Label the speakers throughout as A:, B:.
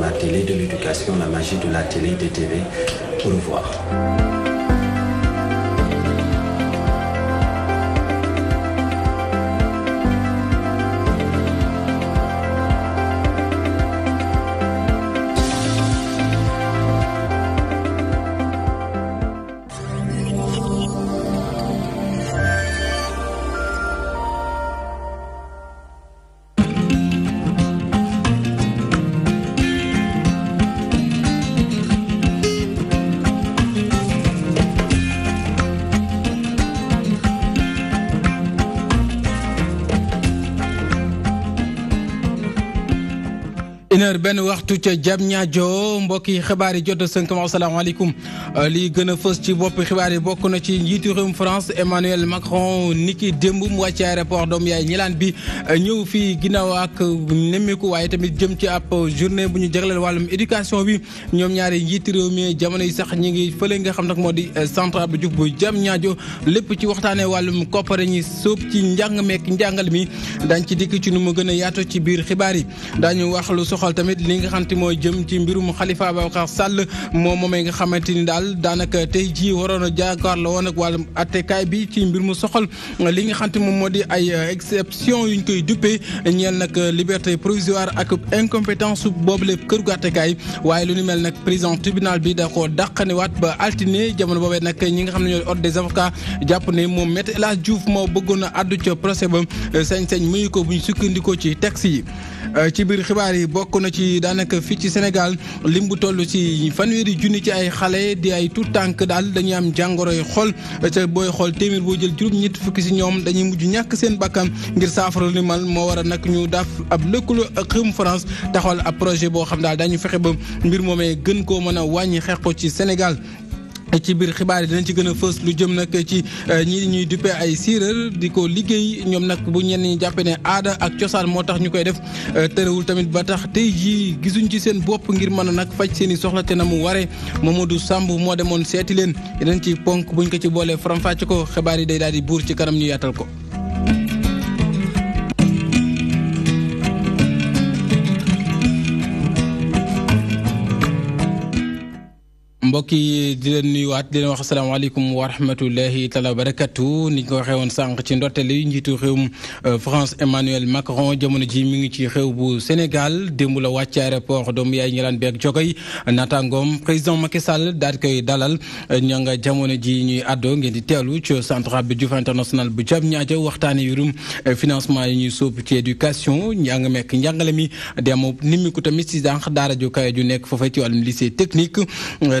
A: la télé de l'éducation, la magie de la télé, des TV. Au revoir.
B: benn waxtu ca jam ñaajo mbokki xibaar yi jot a sënk ma asalaamaaleykum euh, lii gën a fës ci boppi xibaar yi bokk na ci njiitu réewum France Emmanuel Macron niki démb mu wàcc aéroport doom yaay ñilaan bi euh, ñëw fii ginnaaw ak nemmiku waaye tamit jëm ci ab journée bu ñu jagleel wàllum éducation bi ñoom ñaari njiitu réew mi jamono yi sax ñi ngi fële nga xam nag moo di euh, centre Abdou Diouf bu jam ñaajo lépp ci waxtaanee wàllum koppare ñi sóob ci njàng meek njàngal mi dañ ci dikk gën a ci biir xibaar yi li nga xamante mooy jëm ci mbirum Khalifa Ababacar Sall moom moomee nga xamante ni daal daanaka tey jii waroon a jàkkaarloo woon ak wàllum attekaay bi ci mbir mu soxal li nga xamante moom moo di ay exception yuñ koy duppee ñeel nag liberté provisoire ak incompétence boobu la kër gu attekaay waaye lu ni mel nag président tribunal bi da koo dàqaniwaat ba altine jamono boobee nag ñi nga xam ne ñooy ordre des avocats jàpp ne moom Maître El Hadji Diouf moo bëggoon a àddu ca procès ba sañ-sañ muyu ko buñ sukkandikoo ci taxi yi Euh, ci biir xibaar yi bokk na ci daanaka fii ci Sénégal lim bu toll ci fanweeri junni ci ay xale di ay tout tànk daal dañuy am jàngoroy xool te booy xool téeméer boo jël juróom ñett fukki si ñoom dañuy mujj ñàkk seen bakkan ngir saafara li mal moo war a nag ñu daaf ab lëkkaloo ak Xëm France taxawal ab projet boo xam daal dañu fexe ba mbir moomee gën koo mën a wàññi xeex ko ci Sénégal. ci biir xibaar yi dinañ ci gën a fës lu jëm nag ci eh, ñi ñuy duppee ay séeréer di ko liggéey ñoom nag bu ñenn ñi jàppee ne aada ak cosaan moo tax ñu koy def eh, tërëwul tamit ba tax tey jii gisuñ ci seen bopp ngir mën a nag faj seen i soxla te na mu waree du Samb moo demoon seeti leen yeneen ci ponk buñ ko ci boolee faram ko xibaar yi day daal di buur ci kanam ñu yaatal ko. mbokk yi di leen nuyuwaat di leen wax asalaamaaleykum wa rahmatulahi taala barakatu ni ñu ko waxee woon sànq ci ndorteli njiitu réewum euh, France Emmanuel Macron jamono ji mi ngi ci réew bu Sénégal démb la wàcc aéroport doomu yaay ñilaan bi ak jogoy naataangoom président Macky Sall daal koy dalal ña nga jamono ji ñuy àddoo ngeen di teelu ci centre bi Diouf international bu jam ñaajo waxtaane yurum euh, financement yi ñuy sóob ci éducation njàng mekk njàngale mi dem ni mi tamit si dànq daara ju kawe nekk foofee ci wàllum lycée technique euh,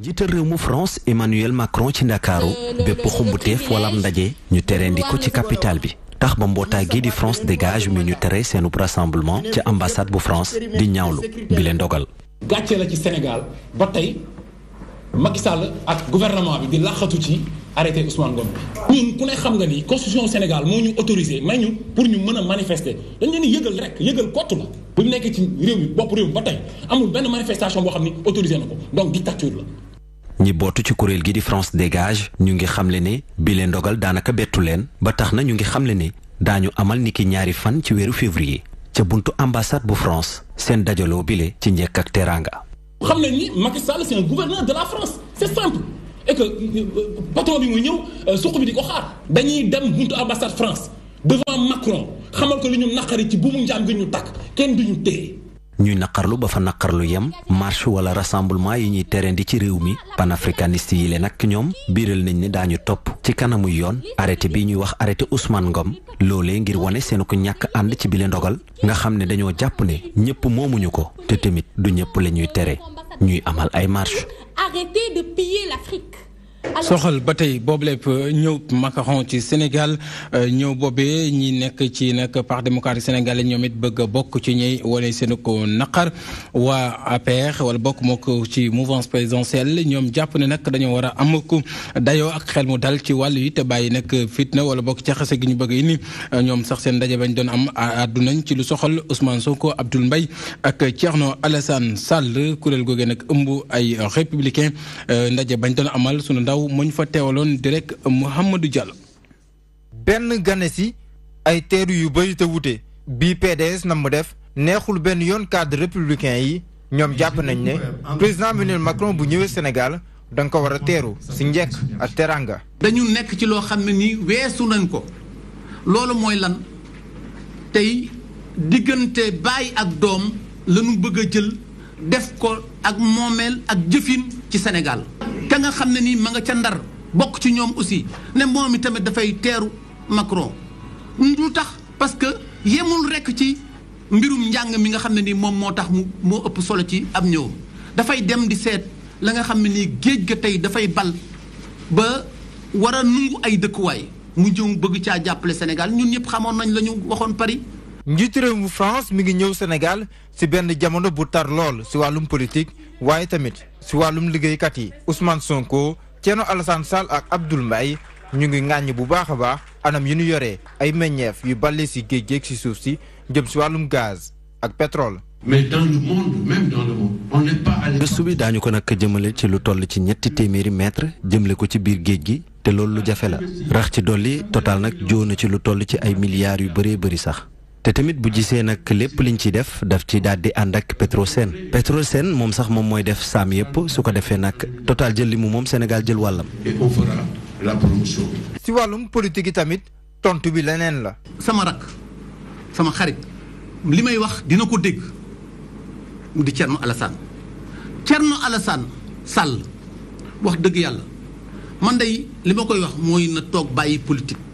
A: njiital rewmu France Emmanuel Macron ci dakaro bepp xumbuteef wala am ndaje ñu tereendi ko ci capitale bi tax ba mbootaay gii di France dégage mi ñu tere seenub rassemblement ci ambassade bu France di ñaawlu bi leen dogal. gàcce la ci Sénégal ba tey Macky ak gouvernement bi di laxatu ci arrêté Ousmane
C: Ngom ñun ku ne xam nga ni constitution Sénégal moo ñu autorisé may ñu pour ñu mën a manifester dañ leen yëgal rek yëgal kottu la bu ñu nekkee ci réew mi bopp réew mi ba tey amul benn manifestation boo xam ni autorisé na ko donc dictature la.
A: ñi bootu ci kuréel gi di France dégage ñu ngi xamle ne bi leen ndogal daanaka bettu leen ba tax na ñu ngi xam xamle ne daañu amal ni ki ñaari fan ci weeru février ca buntu ambassade bu France seen dajaloo bile ci njëkk ak teraanga.
C: xam nañ ni Macky Sall c'est un gouverneur de la France c'est simple et que euh, patron bi muy ñëw euh, suq bi di ko xaar. dañuy dem buntu ambassade France devant Macron xamal ko li ñu naqari ci buumu njaam gi ñu takk kenn du ñu
A: ñuy naqarlu ba fa naqarlu yem marche wala rassemblement yi ñuy di ci réew mi panafricaniste yi leen ak ñoom biiral nañ ne daañu topp ci kanamu yoon arrêté bi ñuy wax arrêté Ousmane Ngom loolee ngir wane seen ko ñàkk ànd ci bile ndogal nga xam ne dañoo jàpp ne ñëpp moomuñu ko te tamit du ñëpp la ñuy tere ñuy amal ay marche soxal ba tey boobu lépp euh,
B: ñëw macaron ci Sénégal euh, ñëw boobe ñi nekk ci nag parti démocratique sénégalais ñoom it bëgg a bokk ci ñey wane seen ko naqar waa APR wala bokk moo ko ci mouvance présidentielle ñoom jàpp ne nag dañoo war a am dayoo ak xel mu dal ci wàll yi te bàyyi nag fitna wala bokk jaxase gi ñu bëgg indi ñoom sax seen ndaje bañ doon am addunañ ci lu soxal Ousmane Sonko Abdoul mbay ak Thierno Alassane Sall kuréel googee nag ëmb ay républicain euh, ndaje bañ doon amal ndaw muñ fa teewaloon di rek Mouhamadou benn ganesi ay teeru yu bëri te wute bii
D: PDS na mu def neexul benn yoon cadre républicain yi ñoom jàpp nañ ne président Emmanuel Macron bu ñëwee senegal da nga ko war a teeru si njekk ak teranga.
E: dañu nekk ci loo xam ne nii weesu nañ ko loolu mooy lan tey diggante baay ak doom lañu bëgg jël def ko ak moomeel ak jëfin ci senegal ka nga xam ne nii ma nga ca ndar bokk ci ñoom aussi ne moom itamit dafay teeru macron du tax parce que yemul rek ci mbirum njàng mi nga xam ne nii moom moo tax mu moo ëpp solo ci ab ñëwam dafay dem di seet la nga xam ne nii géej ga tey dafay bal ba war a nungu ay dëkkuwaay mu jëw bëgg caa jàppale sénégal ñun ñëpp xamoon nañ la ñu waxoon paris njiitu
D: réew mu France mi ngi ñëw senegal si benn jamono bu tar lool si wàllum politique waaye tamit si wàllum liggéeykat yi Ousmane Sonko Thierno Alassane Sall ak Abdoul Mbaye ñu ngi ŋàññ bu baax a baax anam yu ñu yoree ay meññeef yu bàlle si géej géej ci suuf si jëm si wàllum gaz ak pétrole.
C: mais
A: bi daañu ko nag jëmale ci lu toll ci ñetti téeméeri mètre jëmale ko ci biir géej gi te loolu lu jafe la rax ci dolli total nag joo na ci lu toll ci ay milliards yu bëree bëri sax. te tamit bu gisee nag lépp liñ ci def daf ci daal di ànd ak petrosen petrosen moom sax moom mooy def saam yépp su ko defee nag total jël li mu moom sénégal jël wàllam.
D: si wàllum politique yi tamit tontu bi leneen la. sama rakk sama xarit
E: li may wax dina ko dégg mu di Thierno Alassane Thierno Alassane sàll wax dëgg yàlla man day li ma koy wax mooy na toog bàyyi politique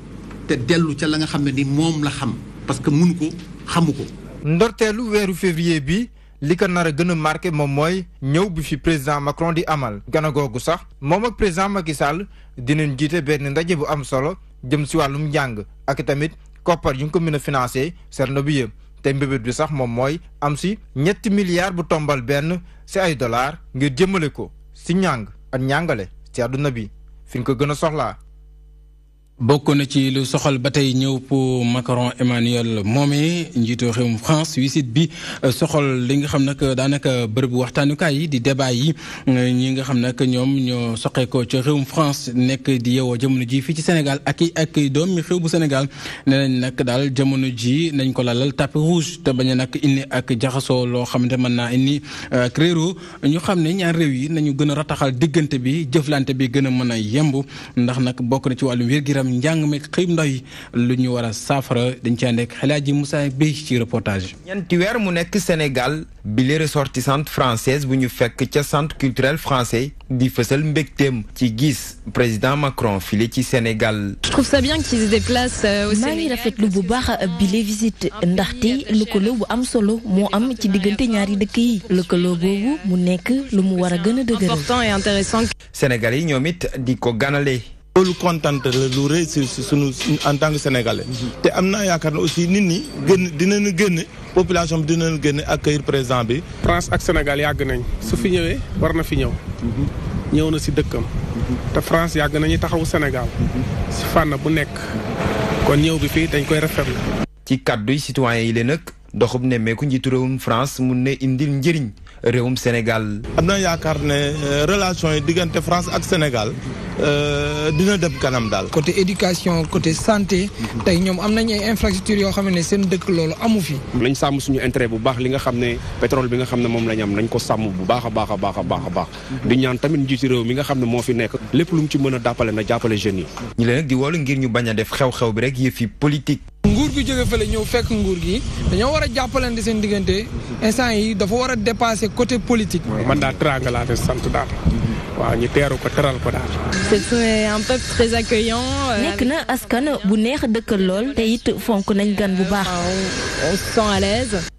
E: te dellu ca la nga xam ne ni moom la xam. parce que mënu ko
D: xamu ko. ndorteelu weeru février bi li ko nar a gën a marqué moom mooy ñëw bi fi président Macron di amal. gana googu sax moom ak président Macky Sall dinañ jiite benn ndaje bu am solo jëm si wàllum njàng ak i tamit koppar yu nga ko mën a financé serno bi yëpp te mbébét bi sax moom mooy am si ñetti milliards bu tombal benn si ay dollars ngir jëmale ko si njàng ak njàngale ci àdduna bi fi nga ko gën a soxlaa.
B: bokk na ci lu soxal ba tey ñëw pour Macron Emmanuel Momé njiito réewum France visite bi euh, soxal li nga xam nag daanaka bërëbu waxtaanukaay yi di débat yi euh, ñi nga xam nag ñoom ñoo soqeekoo ci réewum France nekk di yeewoo jamono ji fii ci Sénégal ak i ak doomi réew bu Sénégal nee nañ nag daal jamono ji nañ ko lalal tapis rouge te bañ a nag indi ak jaxasoo loo xamante mën naa indi euh, ak réero ñu xam ne ñaar réew yi nañu gën a rataxal diggante bi jëflante bi gën a mën a yemb ndax nag bokk na ci wàllu wér itam njàng meeg xëy ndaw lu ñu war a saafara dañ caa nekk Xelaaji Moussa Bey ci reportage. ñeenti weer mu nekk Sénégal bi les ressortissantes françaises bu ñu fekk ca
D: centre culturel français di fësal mbégteem ci gis président Macron filé ci Sénégal.
F: je trouve ça bien qu'ils se déplacent euh, au Sénégal. maa ngi rafetlu bu baax bi les visites ndaxte lëkkaloo bu am solo moo am ci diggante ñaari dëkk yi lëkkaloo boobu mu nekk lu mu
G: war a gën a dëgëral. important et intéressant.
D: Sénégalais yi ñoom it di ko ganale. loolu kontaan la
C: lu rëy si suñu en tant que sénégalais. te am na yaakaar ne aussi nit ñi dina dinañu génn population bi dinañu génn accueillir président bi. prance ak Sénégal yàgg nañ su fi ñëwee war na fi ñëw. ñëw na si dëkkam. te France yàgg nañu taxawu Sénégal. si fànn bu nekk. kon ñëw bi fii dañ koy rafetlu. ci kàddu yi citoyen yi la
D: nag doxub nemmeeku njiitu réewum France mun na indil njëriñ. réewum Sénégal. am na yaakaar
H: ne euh, relation yi diggante France ak Sénégal euh, dina dem kanam daal. côté éducation côté santé. tey ñoom am nañ ay infrastructures yoo xam ne seen dëkk loolu amu fi.
I: lañ sàmm suñu intérêt bu baax li nga xam ne pétrole bi nga xam ne moom lañ am nañ ko sàmm bu baax a baax a baax a baax baax. di ñaan tamit njiitu réew mi nga xam ne moo fi nekk. lépp lu mu ci mën a dàppale na jàppale jeunes
A: yi. ñu
D: leen
H: di wóolu ngir ñu bañ a def xew bi rek yëf yi politique. nguur gi jóge fële ñëw fekk nguur gi dañoo war a jàppalante seen diggante instant yi dafa war a dépasser côté politique.
C: man daal teraanga laa def sant daal. waaw ñu teeru ko teral ko daal.
F: c'est un peuple très accueillant. Euh, nekk na askan bu neex dëkkal lool te it fonk nañ gan bu baax. on se sent à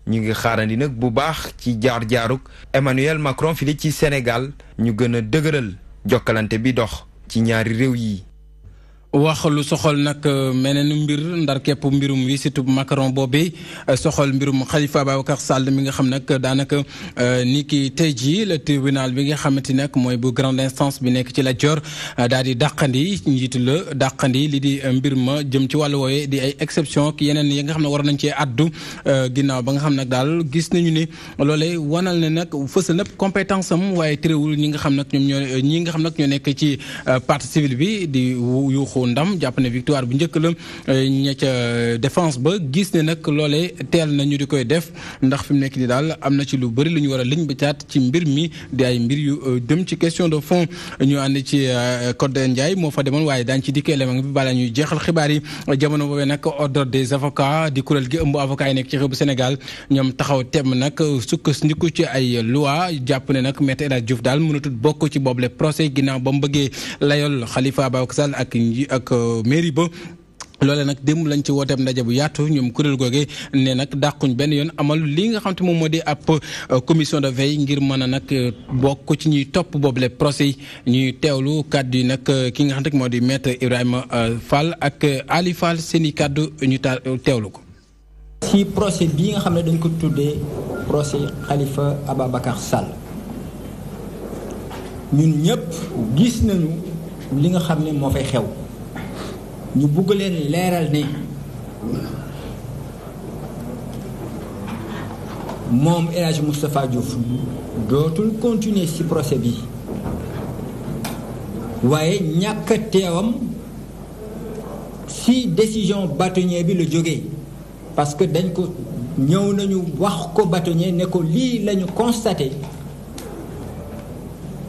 D: ñu ngi xaarandi nag bu baax ci jaar jaaruk Emmanuel Macron fii ci
B: Sénégal ñu gën a dëgëral jokkalante bi dox ci ñaari réew yi wax soxol nak euh, menen mbir ndar kep mbirum wisitu Macron bobé euh, soxol mbirum Khalifa babakar Sall mi nga xam nak euh, danaka niki ki le tribunal bi nga xamante nak moy bu grande instance bi nek ci la dior daal di dàqandi njiitu la dàqandi li di mbir ma jëm ci wàllu wooye di ay exception ki yenen yi nga xam ne war nañ ci addu ginnaw ba nga xam nak dal gis nañu ni lolé wanal ne nak feussal na compétence am waaye terewul ñi nga xam nak ñom ñi nga xam nak ñoo nekk ci partie civile bi di yuuxu ndam jàpp ne victoire bu njëkk la euh, ña défense ba gis ne nag loolee teel na ñu di koy def ndax fi mu nekk nii daal am na ci lu bëri lu ñu war a liñ ba caat ci mbir mi di ay mbir yu euh, dem ci question de fond ñu ànd ci euh, Codé Ndiaye moo fa demoon waaye daañu ci dikk élément bi balaa ñu jeexal xibaar yi jamono boobee nag ordre des avocats di kuréel gi ëmb avocats yi nekk ci réew bu Sénégal ñoom taxaw temm nag sukkandiku ci ay loi jàpp ne nag Maître El Hadji Diouf daal mënatul bokk ak euh, mairie ba loole nag démb lañ ci wooteeb ndaje bu yaatu ñoom kuréel googe ne nag dàquñ benn yoon amal li nga xam te moom moo di ab euh, commission de veille ngir mën a nag euh, bokk ci ñuy topp boobule procès yi ñuy teewlu kàddu yi nag ki nga xam te moo di maître Ibrahima Fall ak Ali seen i kàddu ñu ta ko.
J: ci procès nga xam ne dañ ko tuddee procès Khalifa ñëpp gis nañu li nga xam ne moo fay xew. ñu bugg leen leeral ne moom El Hadj Moustapha Diouf dootul continuer ci procès bi waaye ñàkk teewam ci décision bâtonnier bi la jógee parce que dañ ko ñëw nañu wax ko bâtonnier ne ko lii lañu constaté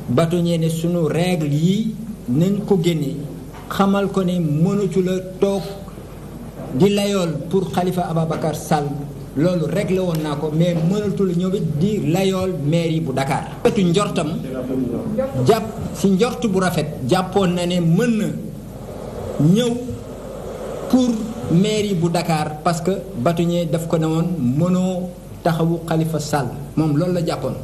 J: bâtonnier ne sunu règle yi nañ ko génnee xamal ko ne mënatu la toog di layool pour xalifa Ababacar Sall loolu rek la woon naa ko mais mënatu la ñëw it di layool mairie bu Dakar. wetu njortam jàpp si njort bu rafet jàppoon na ne mën na ñëw pour mairie bu Dakar parce que batuñee daf ko ne woon mënoo taxawu xalifa Sall moom loolu la jàppoon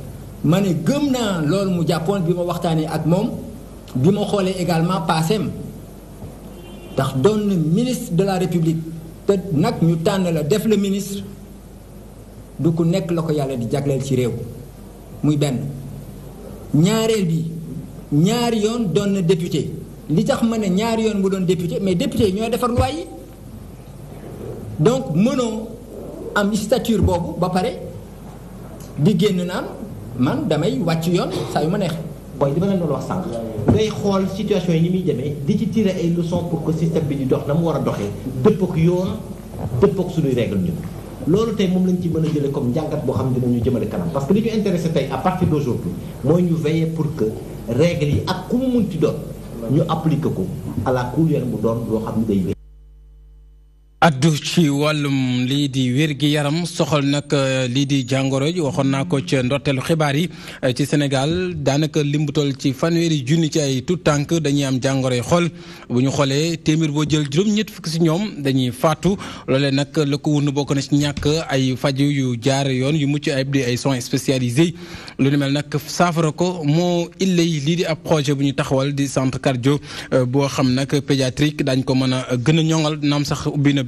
J: ma ne gëm naa loolu mu jàppoon bi ma waxtaanee ak moom bi ma xoolee également paaseem ndax doon ministre de la république te nag ñu tànn la def le ministre du ku nekk la ko yàlla di jagleel ci réew muy benn ñaareel bi ñaari yoon doon na député li tax ma ne ñaari yoon mu doon député mais député ñoo defar loi yi donc mënoo am stature boobu ba pare di génn naan man damay wàcc yoon saa yu ma mooy li ma leen doon wax sànq ngay xool situation yi ni muy demee di ci tiré ay leçons pour que système bi di dox na mu war a doxee dëppoo ak yoon dëppoo ak suñuy règle ñun loolu tey moom lañ ci mën a jëlee comme njàngat boo xam ne dinañu jëmale kanam parce que li ñu intéressé tey à partir d'aujourd'hui mooy ñu veiller pour que règle yi ak ku mu munti doon ñu appliquer ko à la couleur bu doon loo xam ni day
B: addu ci wàllum lii di wér-gi-yaram soxal nag euh, lii di jàngoro yi waxoon naa ko ci ndorteelu xibaar yi euh, ci Sénégal daanaka lim bu toll ci fanweeri junni ci ay tout tànk dañuy am jàngoro yi xool bu ñu xoolee téeméer boo jël juróom-ñett fukk si ñoom dañuy faatu loolee nag la ko wund bokk na ci ñàkk ay faju yu jaar yoon yu mucc ayib di ay soins spécialisés lu ni mel nag saafara ko moo illay lii di ab projet bu ñu taxawal di centre cardio euh, boo xam nag pédiatrique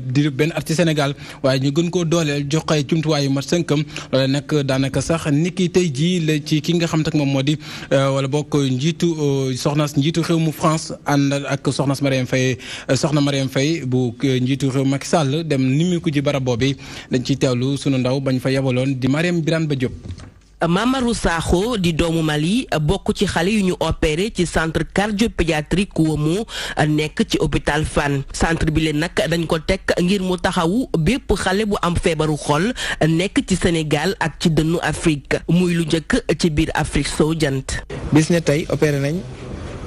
B: di benn at Sénégal waaye ñu gën koo dooleel jox ay jumtuwaayu yu mat sënkam loole nag daanaka sax nit ki tey jii la ci ki nga xam tak moom moo di euh, wala bokk njiitu euh, soxnas njiitu réew mu France ànd ak soxnas Marième fay euh, soxna Marième fay bu njiitu réew mag Sall dem ni mu ko ji barab boobu dañ ciy teewlu sunu
G: ndaw bañ fa yabaloon di Marième Birane Ba Diop Mamadou Sakho di doomu Mali bokk ci xale yu ñu opéré ci centre cardiopédiatrique Womo nekk ci hôpital Fann centre bi leen nag dañ ko teg ngir mu taxawu bépp xale bu am feebaru xol nekk ci senegal ak ci dënnu Afrique muy lu njëkk ci biir Afrique soo jant.
H: bis tey opéré nañ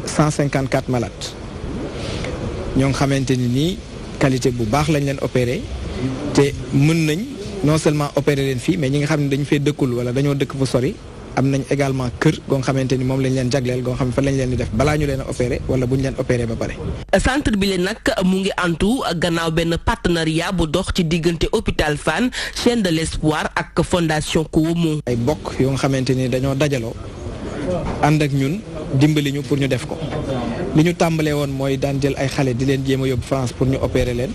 H: 154 malades ñoo xamante ni nii qualité bu baax lañ leen opéré te mën nañ. non seulement opéré leen fii mais ñi nga xam ne dañu fee dëkkul wala dañoo dëkk fu sori am nañ également kër goo nga xamante ni moom lañ leen jagleel goo xam ne fa lañ leen di def balaa ñu leen a opéré wala bu ñu leen opéré ba pare.
G: centre bi leen nag mu ngi antu gannaaw benn partenariat bu dox ci diggante hôpital fan chaîne de l'espoir ak fondation
H: Kouomo. ay bokk yoo nga xamante ni dañoo dajaloo ànd ak ñun dimbali ñu pour ñu def ko li ñu tàmbalee woon mooy daan jël ay xale di jéem a yóbbu France pour ñu opéré leen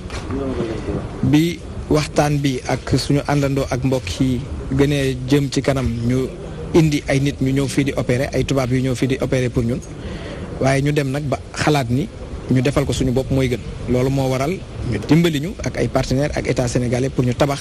H: waxtaan bi ak suñu àndandoo ak mbokk yi gënee jëm ci kanam ñu indi ay nit ñu ñëw fii di opérer ay tubaab yu ñëw fii di opérer pour ñun waaye ñu dem nag ba xalaat ni ñu defal ko suñu bopp mooy gën loolu moo waral ñu dimbali ñu ak ay partenaire ak état sénégalais pour ñu tabax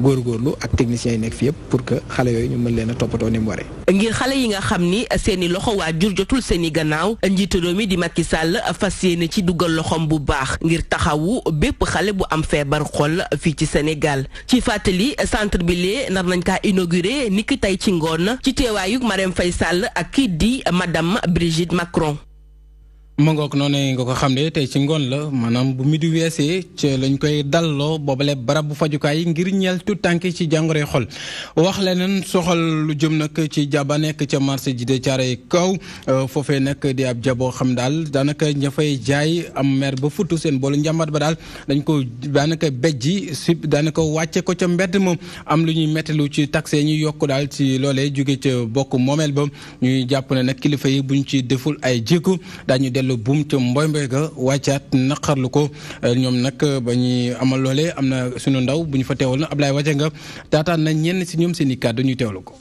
H: góor góorlu ak techniciens yi nekk fi yëpp pour que xale yooyu ñu mën leen a toppatoo ni mu waree.
G: ngir xale yi nga xam ni seeni loxo waa jur jotul seeni gannaaw njiitu réew mi di Macky Sall fas yéene ci dugal loxoom bu baax ngir taxawu bépp xale bu am feebar xol fii ci Sénégal ci fàttali centre bi lee nar nañ kaa inauguré niki tey ci ngoon ci teewaayu Marème fay sàll ak kii di madame Brigitte Macron.
B: mangook ngoog noonu nga ko xam ne tey ci ngoon la maanaam bu midi weesee ci lañ koy dalloo boobale barab bu fajukaay ngir ñeel tu tànk ci jàngoroy xol wax leneen soxal lu jëm nag ci jaba nekk ca marché ji de caare kaw euh, foofee nag di ab jaboo xam daal daanaka ña jaay am mer ba futu seen boolu njàmbat ba daal dañ ko daanaka bejji si daanaka wàcce ko ca mbedd ma am lu ñuy mettalu ci taxe ñuy yokk daal ci loolee jóge ca bokk moomeel ba ñuy jàpp ne nag kilifa yi bu ñu ci deful ay jékku dañu dellu buum ca mboy mboy ga wàccaat naqarlu ko ñoom nag ba ñuy amal loole am na sunu ndaw bu ñu fa teewal na Ablaye Wajé nga taataan na ñenn si ñoom seen i kàddu ñuy teewlu ko.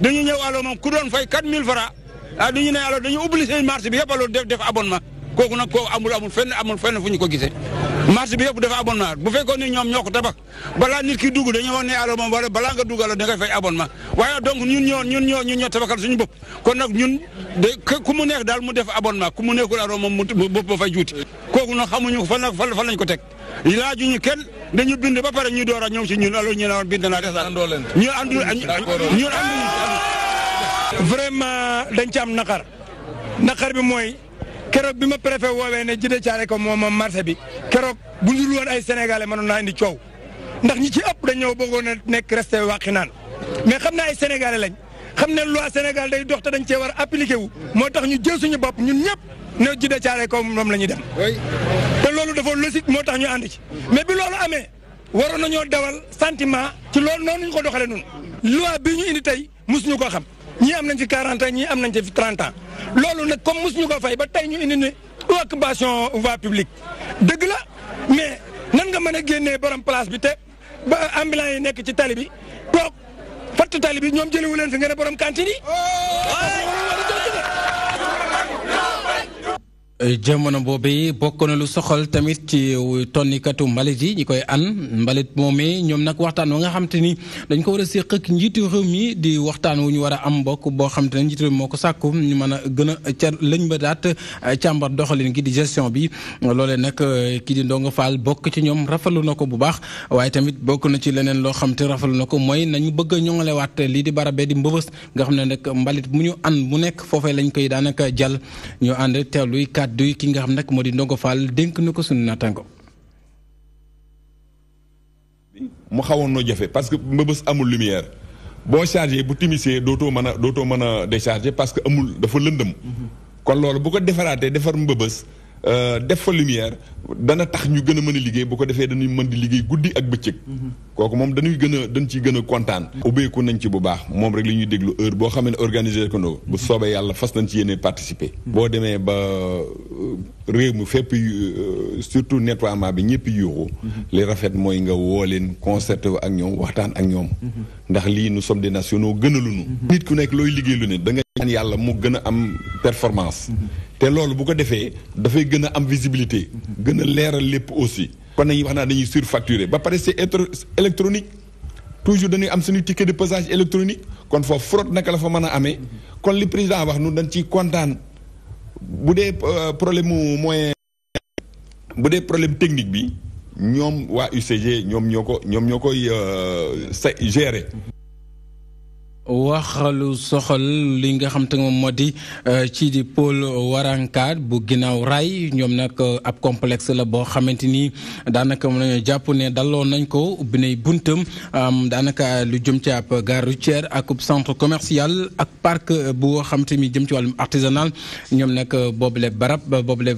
B: dañu ñëw alors
D: moom ku doon fay 4000 francs ah du ñu ne alors dañu obligé marché bi yëpp alors def def abonnement. kooku nag kooku amul amul fenn amul fenn fu ñu ko gisee marché bi yëpp dafa abonnement bu fekkoon ni ñoom ñoo ko tabax balaa nit ki dugg dañoo wax ne alors wala balaa nga dugg alors da nga fay abonnement waaye donc ñun ñoo ñun ñoo ñun ñoo tabaxal suñu bopp kon nag ñun de ku mu neex daal mu def abon abonnement ku mu nekkul alors moom mu bopp ma fay juuti kooku nag xamuñu ko fan la fan lañ ko teg laajuñu kenn dañu bind ba pare ñu
H: door a ñëw si ñun alors ñu ne woon bind naa des ñu andu ñu andu vraiment dañ ci am naqar naqar bi mooy keroog bi ma préfet woowee ne jëndee caare ko moom moom marché bi keroog bu ñu dul woon ay sénégalais mënoon na indi coow ndax ñi ci ëpp dañoo bëggoon a nekk resté wàqi naan mais xam naa ay sénégalais lañ xam ne loi Sénégal day dox te dañ cee war a appliqué wu moo tax ñu jël suñu bopp ñun ñëpp ne jëndee caare ko moom la ñuy dem. te loolu dafa logique moo tax ñu ànd ci mais bi loolu amee waroon nañoo dawal santiment ci loolu noonu ñu ko doxalee noonu. loi bi ñu indi tey mosuñu ko xam. ñii am nañ fi 40 ñii am nañ fi 30 ans loolu nag comme ñu ko fay ba tey ñu indi ne occupation voie publique dëgg la mais nan nga mën a génnee borom place bi te ba ambulants yi nekk ci tali bi toog fatt tali bi ñoom jëliwu leen fi nga ne borom cantine yi
B: Euh, jamono boobu bokk na lu soxal tamit ci tonnikatu mbalit yi ñi koy an mbalit moomee ñoom nag waxtaan wa nga xam te ni dañ ko war a séq ak njiitu réew mi di waxtaan wu ñu war a am mbokk boo xam ne njiitu réew mi moo ko sàkku ñu mën a gën a ca lañ ba daat euh, doxalin gi di gestion bi loolee nag euh, kii di Ndongo bokk ci ñoom rafetlu na ko bu baax waaye tamit bokk na ci leneen loo xam te rafetlu na ko mooy nañu bëgg a ñoŋalewaat lii di barabe di mbëbës nga xam ne nag mbalit mu ñu an mu nekk foofee lañ koy daanaka jàll ñu ànd teewlu kàddu ki nga xam
K: nag moo di Ndongo Fall dénk na ko suñu naataango. mu xawoon noo jafe parce que mbëbës amul lumière boo chargé bu timisee dootoo mën a dootoo mën a déchargé parce que amul dafa lëndëm. Mhm. kon loolu bu ko defaraatee defar mbëbës Euh, def fa lumière dana tax ñu gën a mën liggéey bu ko defee dañuy mën di liggéey guddi ak bëccëg. Mhm. kooku moom dañuy gën a dañ ciy gën a kontaan. ubbeeku nañ ci bu baax moom rek li ñuy déglu heure boo xam ne organisé ko bu soobee yàlla fas nañ ci yéene participer. Mhm. boo demee ba euh, réew fait fépp euh, surtout nettoiement bi ñëpp yuuxu mhm. li Les refaites nga woo leen concerté ak ñoom waxtaan ak mhm. ndax nous sommes des nationaux gënaluñu mhm. nit ku nekk looy liggéey lu ne da nga ñaan yàlla mu gën am performance te loolu bu ko defee dafay gën a am visibilité gën l'air leeral aussi Quand il wax na dañuy surfacturer ba pare c'est électronique toujours dañuy am suñu ticket de pesage électronique kon foofu fraude naka la fa mën a amee kon li président wax nu dañ ciy kontaan bu dee euh, problème mu moyen bu dee problème technique bi ñoom waa UCG ñoom ñoo ko ñoom ñoo koy euh, sa gérer
B: waxalu soxol li nga xam te moom moo di euh, ci di pôle warankaat bu ginnaaw raay ñoom nag euh, ab complexe la boo xamante ni daanaka mën jàpp ne daloon nañ ko ubbi nay buntam daanaka lu jëm ci ab gare routière ak centre commercial ak parc bu xam te ni jëm ci wàllum artisanal ñoom nag euh, boobule barab boobule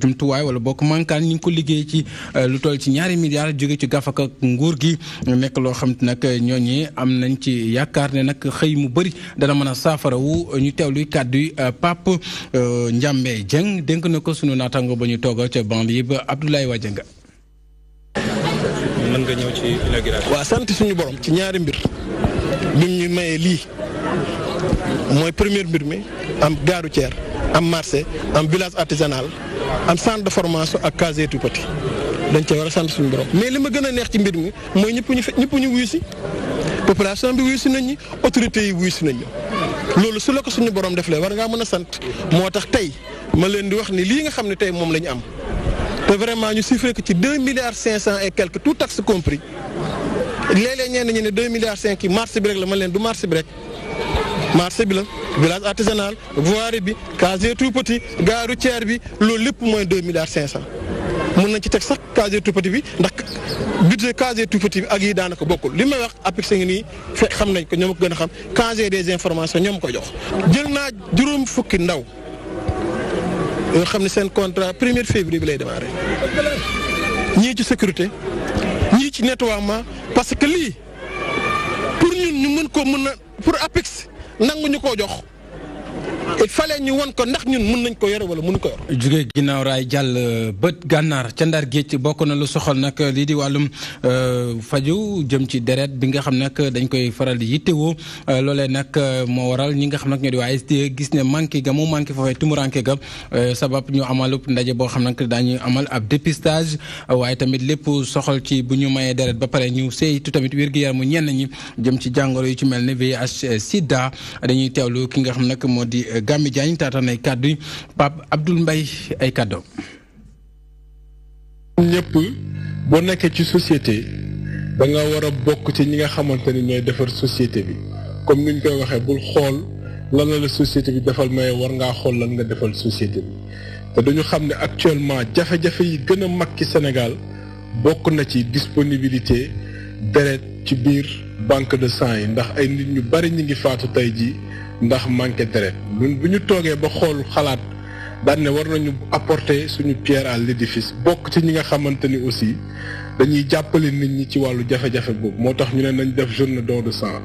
B: jumtuwaay wala bokk mankaan ñu ngi ko liggéey ci lu toll ci ñaari milliards jóge ci gafak nguur gi nekk loo xam te nag ñooñi am nañ ci yaakaar ne nag xëy mu bëri dana mën a saafara wu ñu teewlu kàddu euh, Pape euh, Ndiambé Dieng dénk na ko sunu naataango ba ñu tooga ca banlieue ba Abdoulaye Wadianga. mën nga ñëw ci inauguration. waaw sant suñu borom ci ñaari mbir. bi ñu mayee lii
E: mooy premier mbir mi am gare routière am marché am village artisanal am centre de formation ak case tout petit dañ cee war a sant suñu borom mais li ma gën a neex ci mbir mi mooy ñëpp ñu fe ñu wuyu si population bi wuyu si nañ ñi autorités yi wuyu si nañ loolu su la ko suñu borom def lee war ngaa mën a sant moo tax tey ma leen di wax ni lii nga xam ne tey moom la ñu am te vraiment ñu chiffré ko ci deux milliards cinq cent et quelque tout taxe compris léeg-léeg ñeen ñi ne deux milliards cinq yi marché bi rek la ma leen du marché bi rek marché bi la village artisanal voirie bi casier tout petit gare routière bi loolu lépp mooy deux milliards cinq cent. mun nañ ci teg sax casier tout petit budget casier tout petit ak yi daanaka bokkul li may wax APEX ngi nii fekk xam nañ ko ñoom ko gën a xam casier des informations ñoom ko jox. jël naa juróom fukki ndaw yoo xam ne seen contrat première février bi lay démarrer ñii ci sécurité ñii ci nettoiement parce que lii pour ñun ñu mën koo mën a pour APEX nangu ñu koo jox.
B: il fallait ñu won ko ndax ñun mun nañ ko yor wala mun ko yor. jóge ginnaaw raay jàll bët gànnaar ca ndar géej bokk na lu soxal nag lii di wàllum euh, faju jëm ci deret bi nga xam nag dañ koy faral di yittewoo euh, loolee nag euh, moo waral ñi nga xam nag ñoo di waa gis ne manqué ga mu manqué foofee tumuranke ga sabab ñu amalub ndaje boo xam nag daañu amal ab dépistage waaye tamit lépp soxal ci bu ñu mayee deret ba pare ñu seytu tamit wér-gu-yaramu ñenn ñi jëm ci jàngoro yu ci mel ne VIH sida dañuy teewlu ki nga xam nag moo di Gàmbi Diagne taataan ay kàddu yi Pape Abdoul ay kàddoom.
C: ñëpp boo nekkee ci société da nga war a bokk ci ñi nga xamante ni ñooy defar société bi comme ni ñu koy waxee bul xool lan la société bi defal may war ngaa xool lan nga defal société bi te dañu xam ne actuellement jafe-jafe yi gën a mag ci senegal bokk na ci disponibilité deret ci biir banque de sang yi ndax ay nit ñu bari ñu ngi faatu tey jii ndax manqué deret ñun bu ñu toogee ba xool xalaat daan ne war nañu apporter suñu pierre à l'édifice bokk ci ñi nga xamante ni aussi dañuy jàppale nit ñi ci wàllu jafe-jafe boobu moo tax ñu neen nañ def journée don de sang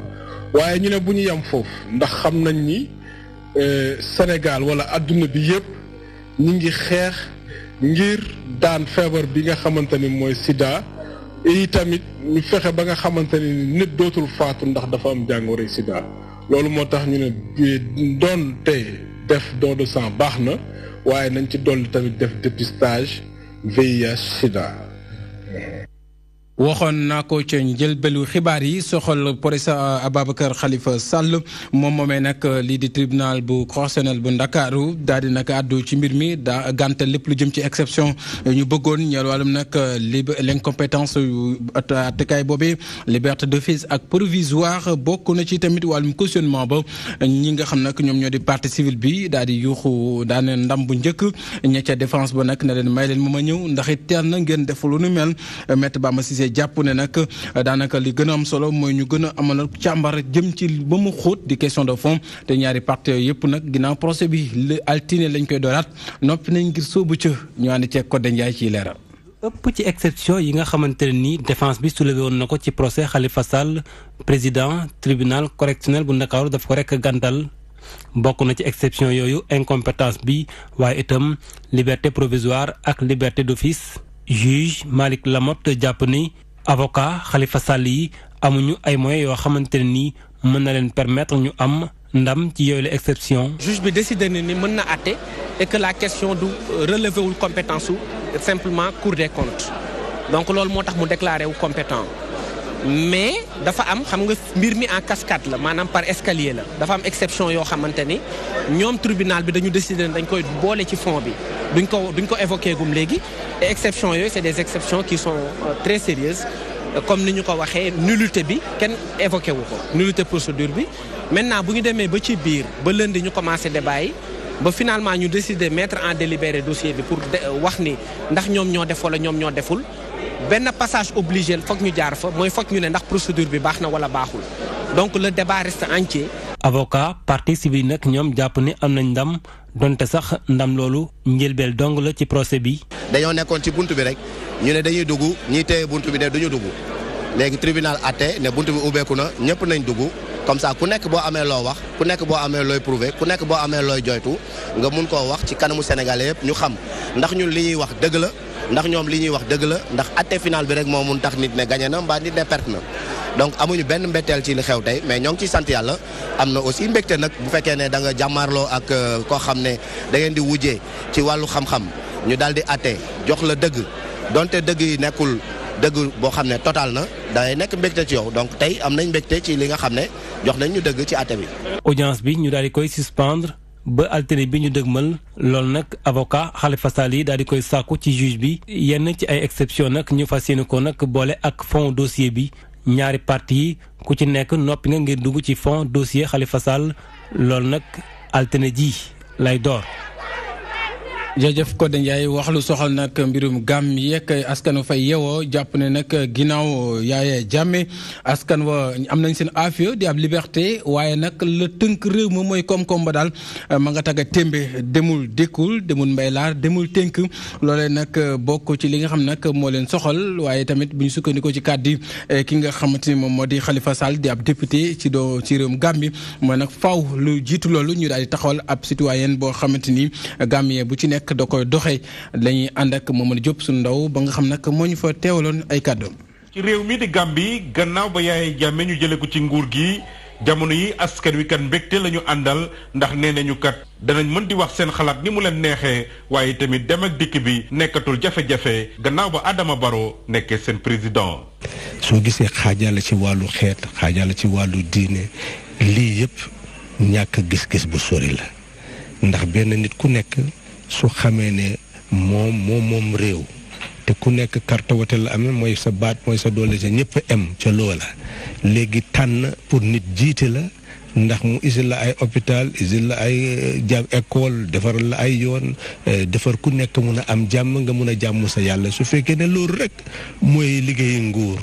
C: waaye ñu ne bu ñu yem foofu ndax xam nañ ni euh, Sénégal wala àdduna bi yépp ñu ngi xeex ngir daan feebar bi nga xamante ni mooy sida itamit tamit ñu fexe ba nga xamante ni nit dootul faatu ndax dafa am jàngoor jàngoro sida loolu moo tax ñu ne doon tey def don de sang baax na waaye nañ ci dolli tamit def dépistage VIH sida
B: waxoon naa ko ca njëlbelu xibaar yi soxal professeur Ababacar xalifa Sall moom moomee nag euh, lii di tribunal bu correctionnel bu Ndakaaru daal di nag àddu ci mbir mi daa gàntal lépp lu jëm ci exception ñu bëggoon ñeel wàllum nag euh, li l'incompétence yu attekaay boobee liberté d'office ak provisoire bokk na ci tamit wàllum cautionnement ba ñi nga xam nag ñoom ñoo di partie civile bi daal di yuuxu daane ndam bu njëkk ña ca défense ba nag ne leen may leen mu ma ñëw ndax it teel na ngeen def lu nu jàpp ne nag daanaka li gën a am solo mooy ñu gën a amal càmbar jëm ci ba mu xóot di question de fond te ñaari parti yëpp nag ginnaaw procès bi li altine lañ koy dooraat noppi nañ ngir sóobu ca ñu ànd ceeg ko Ndiaye ciy leeral.
A: ëpp ci exception yi nga xamante ne ni défense bi soulevé woon na ko ci procès Khalifa Sall président tribunal correctionnel bu Ndakaaru daf ko rek gàntal bokk na ci exception yooyu incompétence bi waaye itam liberté provisoire ak liberté d'office. juge Malik Lamotte japp ni avocat Khalifa Sali, a amuñu ay moyens yo xamanteni ne na permettre ñu am ndam ci exception.
H: juge bi décidé de ni mën na et que la question du euh, relever une compétence est simplement cour des comptes donc lool motax mu déclaré compétent mais dafa am xam nga mbir mi en cascade la maanaam par escalier la dafa am exception yoo xamante ni ñoom tribunal bi dañu décider dañ koy boole ci fond bi duñ ko duñ ko évoquer gum léegi exception yooyu c'est des exceptions qui sont euh, très sérieuses comme ni ñu ko waxee nullité bi kenn évoqué wu ko
B: nullité procédure bi
H: maintenant bu ñu demee ba ci biir ba lundi ñu commencé débat yi ba finalement ñu décider mettre en délibéré dossier bi pour euh, wax ni ndax ñoom ñoo def wala ñoom ñoo deful benn passage obligé foog ñu jaar fa mooy foog ñu ne ndax procédure bi baax na wala baaxul donc le débat reste entier.
A: avocat partie civile nag ñoom jàpp ne am nañ ndam donte sax ndam loolu njëlbeel dong la ci procès bi.
H: dañoo nekkoon ci bunt bi rek ñu ne dañuy dugg ñiy téye bunt bi ne duñu dugg léegi tribunal àtte ne bunt bi ubbeeku na ñëpp nañ dugg comme ça ku nekk boo amee loo wax ku nekk boo amee looy prouvé ku nekk boo amee looy joytu nga mun koo wax ci kanamu sénégalais yëpp ñu xam ndax ñun li ñuy wax dëgg la. ndax ñoom li ñuy wax dëgg la ndax atte final bi rek moo mun tax nit ne gagné na mbaa nit ne perte na donc amuñu benn mbetteel ci li xew tey mais ñoo ngi sant yàlla am na aussi mbégte nag bu fekkee ne da nga jàmmaarloo ak euh, koo xam ne da ngeen di wujjee ci wàllu xam-xam ñu daal di atte jox la dëgg donte dëgg yi nekkul dëgg boo xam ne total na day nekk mbégte ci yow donc tey am nañ mbégte ci li nga xam ne jox nañ ñu dëgg ci atte bi.
A: audience bi ñu daal koy suspendre. ba altine bi ñu dëgmal loolu nag avoca Khalifa Sall yi daal di koy sàkku ci juge bi yenn ci ay exception nag ñu fas yéene ko nag boole ak fond dossier bi ñaari partie yi ku ci nekk noppi nga ngir dugg ci fond dossier Khalifa Sall loolu nag altine ji lay door jërëjëf Codé Ndiaye
B: wax lu soxal nag mbirum gàmm yeeg askanu fay yeewoo jàpp ne nag ginnaaw Yaya Jammeh askan wa am nañ seen affaire di ab liberté waaye nag la tënk réew ma mooy koom-koom ba daal ma nga tagga témbe demul dékkul demul mbaylaar demul tënk loolee nag bokk ci li nga xam nag moo leen soxal waaye tamit bu ñu sukkandikoo ci kàddu eh, ki nga xamante ni moom moo di xalifa Sall di ab député ci doo ci réewum Gambie mooy nag faaw lu jiitu loolu ñu daal di taxawal ab citoyen boo xamante ni eh, bu ci nekk nekk da koy doxee lañuy ànd ak Mamadou Diop suñu ndaw ba nga xam nag moo ñu fa teewaloon ay kàddoom. ci réew mi di Gambie
I: gannaaw ba Yaya Jammeh ñu jëlee ko ci nguur gi jamono yi askan wi kat mbégte la ñu àndal ndax nee nañu kat danañ mën di wax seen xalaat ni mu leen neexee waaye tamit dem ak dikk bi nekkatul jafe-jafe gannaaw ba Adama Barrow nekkee seen président. soo gisee
L: xaajale ci wàllu xeet xaajale ci wàllu diine lii yëpp ñàkk gis-gis bu sori la ndax benn nit ku nekk. su xamee ne moom moom moom réew te ku nekk carte wote la amee mooy sa baat mooy sa doole sa ñëpp em ca loola léegi tànn pour nit jiite la ndax mu isil la ay hôpital isil la ay eh, jàmm école defar la ay yoon eh, defar ku nekk mun a am jàmm nga mun a jàmm sa yàlla su fekkee ne loolu rek mooy liggéey nguur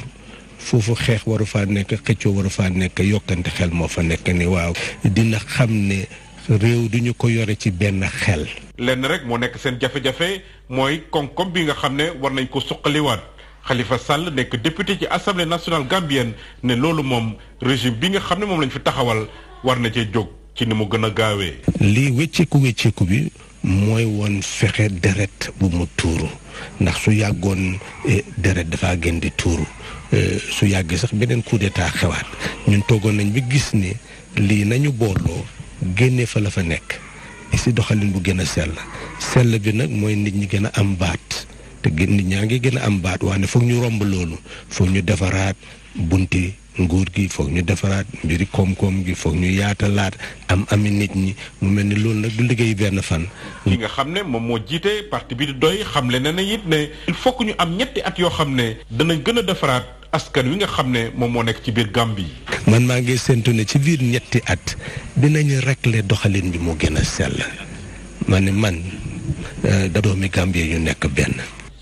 L: foofu xeex waru faa nekk xëccoo waru faa nekk yokkante xel moo fa nekk ni waaw dina xam ne réew du ñu ko yore ci benn xel.
I: lenn rek moo nekk seen jafe-jafe mooy koom-koom bi nga xam ne war nañ ko suqaliwaat xalifa sàll nekk député ci assemblée nationale gambienne ne loolu moom régime bi nga xam ne moom lañu fi taxawal war na cee jóg ci ni mu gën a gaawee.
L: lii wécceeku wécceeku bi mooy won fexe deret bu mu tuuru ndax su yàggoon eh, deret dafaa gën di tuuru eh, su yàggee sax beneen coup d'état xewaat ñun toogoon nañ bi gis ni lii nañu booloo. génne fa la fa nekk si doxalin bu gën a sell sell bi nag mooy nit ñi gën a am baat te gën nit ñaa ngi gën a am baat waa ne foog ñu romb loolu foog ñu defaraat bunti nguur gi foog ñu defaraat mbiri koom-koom gi foog ñu yaatalaat am
I: ami nit ñi mu mel ni loolu nag du liggéey benn fan. li nga xam ne moom moo jiite parti bi di doy xamle na ne it ne. il faut ñu am ñetti at yoo xam ne. dana gën a defaraat. askan wi nga xam ne moom moo nekk ci biir Gambie. man maa ngi séntu ne ci biir ñetti at dinañu
L: régler doxalin bi mu gën a sell ma ne man euh, da doomi Gambie yu
I: nekk benn.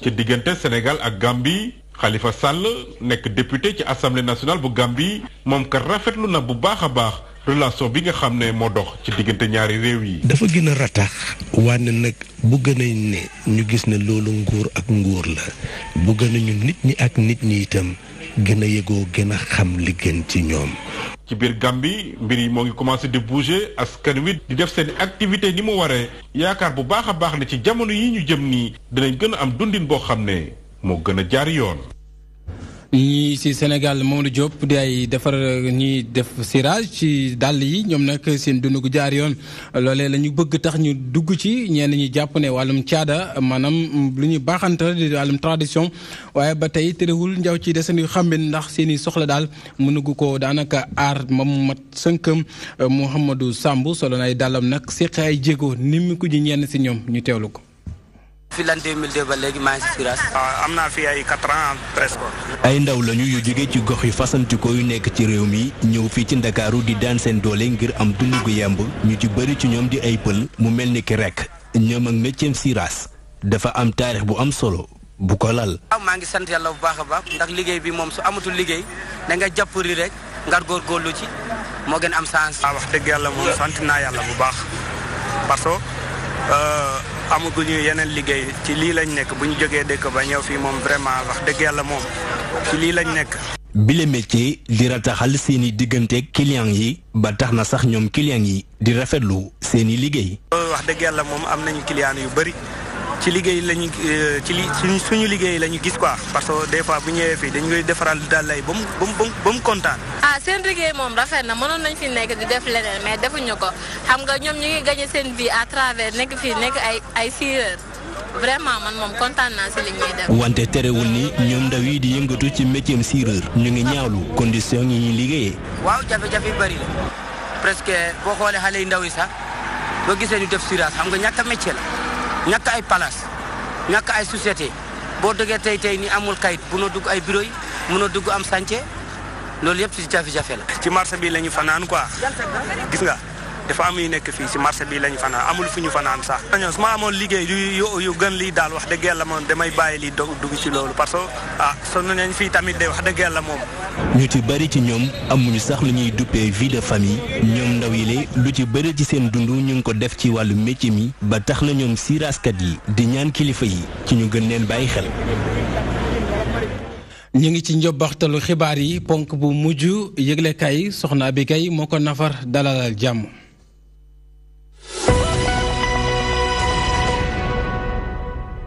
I: ci diggante senegal ak Gambie xalifa Sall nekk député ci assemblée nationale bu Gambie moom ka rafetlu na bu baax a baax. relation bi nga xam ne moo dox ci diggante ñaari réew yi.
L: dafa gën a ratax. nag bu gën a ne ñu gis ne loolu nguur ak nguur la bu gën a ñu nit ñi ak nit ñi itam gën a yëgoo
I: gën a xam li ci ñoom. ci biir gàmm bi mbir yi moo ngi commencé di bouger askan wi di def seen activité ni mu waree yaakaar bu baax a baax ne ci jamono yi ñu jëm nii dinañ
B: gën a am dundin boo xam
I: ne moo gën a jaar yoon.
B: ñii si Sénégal Mamadou Diop di ay defar ñuy def cirage ci dàll yi ñoom nag seen dund gu jaar yoon loole la ñu bëgg tax ñu dugg ci ñenn ñi jàpp ne wàllum caada maanaam lu ñu baaxantal di wàllum tradition waaye ba tey terewul njaw ci desandi xambin ndax seen soxla daal mënugu ko daanaka aar mam mat sënkam Mouhamadou Samb solo na ay dàllam nag seq ay jéego ni mu ko ji ñenn si ñoom ñu teewlu ko.
G: fi lan 2002 ba léegi ah, am naa fi ay 4 ans presque.
A: ay ndaw lañu yu jóge ci gox yu fasantikoo yu nekk ci réew mi ñëw fii ci ndakaaru di daan seen doole ngir am dund gu yemb ñu ci bëri ci ñoom di ay pël mu mel ni ki rek ñoom ak métier Siras dafa am taarix bu am solo bu ko lal.
G: waaw maa ngi sant yàlla bu baax a baax ndax liggéey bi moom su amatul liggéey da nga jàpp ri rek nga góorgóorlu ci moo gën am sens. Ah, waaw dëgg yàlla moom sant naa yàlla bu baax parce euh, amaguñu yeneen liggéey ci lii
H: lañ nekk bu ñu jógee dëkk ba ñëw fii moom vraiment wax dëgg yàlla moom ci lii lañ nekk.
A: bile métier di rataxal seeni diggante client yi ba tax na sax ñoom client yi di rafetlu seeni liggéey.
H: Euh, wax dëgg yàlla moom am nañu client yu bari. ci liggéey lañu euh, ci li suñu liggéey la ñu gis quoi parce que des fois bu ñëwee fii dañu koy defaral daal lay ba mu ba mu kontaan.
F: ah seen liggéey moom rafet na mënoon nañ fi nekk di def leneen mais defuñu ko xam nga ñoom ñu ngi gagné seen vie à travers nekk fii nekk ay ay Seereer vraiment man
J: moom kontaan naa si li ñuy
A: def. wante terewul ni ñoom ndaw yi di yëngatu ci métier Seereer ñu ngi ñaawlu condition yi ñuy liggéeyee.
G: waaw jafe-jafe yu bëri presque boo xoolee xale yu ndaw yi sax boo gisee ñu def Seereer xam nga ñàkk a la. ñàkk ay palace ñàkk ay société boo dëggee tey tey ni amul kayit mënoo dugg ay bureau yi mënoo dugg am sance loolu yëpp ci jafe-jafe la. ci marché bi la ñu fanaan quoi gis nga. dafa
H: am nekk fii si marché bi lañu fanaan amul fu ñu fanaan sax. ñoo su ma amoon liggéey yu gën lii daal wax dëgg yàlla moom damay bàyyi lii dog dugg ci loolu parce que ah sonn nañ fii tamit de wax dëgg yàlla moom.
A: ñu ci bëri ci ñoom amuñu sax lu ñuy duppee vie de famille ñoom ndaw yile lu ci bari ci seen dund ñu ngi ko def ci wàllu métier mi ba tax na ñoom siiraaskat yi di ñaan kilifa yi ci ñu gën leen bàyyi xel. ñu ngi ci njobbaxtalu xibaar yi
B: ponk bu mujj y soxna bi kay moo jàmm.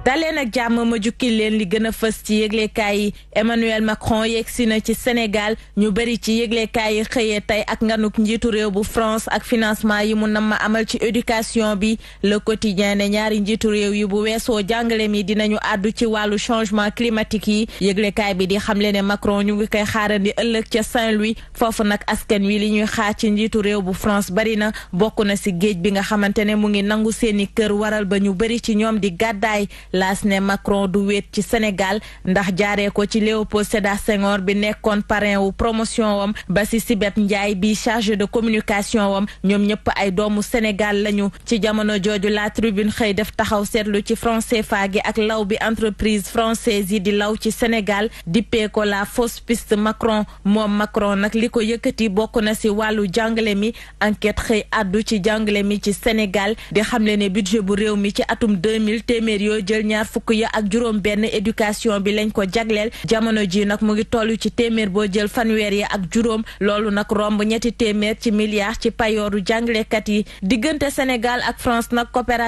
F: daleen ak jàmm ma jukki leen li gën a fës ci yëglekaay yi Emmanuel Macron yegsi na ci Sénégal ñu bëri ci yëglekaay yi xëyee tey ak nganuk njiitu réew bu France ak financement yi mu nam ma amal ci éducation bi le quotidien ne ñaari njiitu réew yi bu weesoo jàngale mi dinañu àddu ci wàllu changement climatique yi yëglekaay bi di xamle ne Macron ñu ngi koy xaaral di ëllëg ca Saint-Louis foofu nag askan wi li ñuy xaar ci njiitu réew bu France bari na bokk na si géej bi nga xamante ne mu ngi nangu seeni kër waral ba ñu bëri ci ñoom di gàddaay laas ne Macron du wéet ci Sénégal ndax jaaree ko ci Léopold Sédar Senghor bi nekkoon parrain wu promotion wam ba si Sibeth Ndiaye bi chargé de communication wam ñoom ñëpp ay doomu Sénégal lañu ci jamono jooju la tribune xëy def taxaw seetlu ci franc CFA gi ak law bi entreprise française yi di law ci Sénégal dippee ko la fausse piste Macron moom Macron nag li ko yëkkati bokk na si wàllu jàngale mi enquête xëy àddu ci jàngale mi ci Sénégal di xamle ne budget téeméer ñaar fukk ya ak juróom benn éducation bi lañ ko jagleel jamono ji nag mu ngi toll ci téeméer boo jël fanweer ya ak juróom loolu nag romb ñetti téeméer ci milliards ci payooru janglekat yi diggante Sénégal ak France nag coopération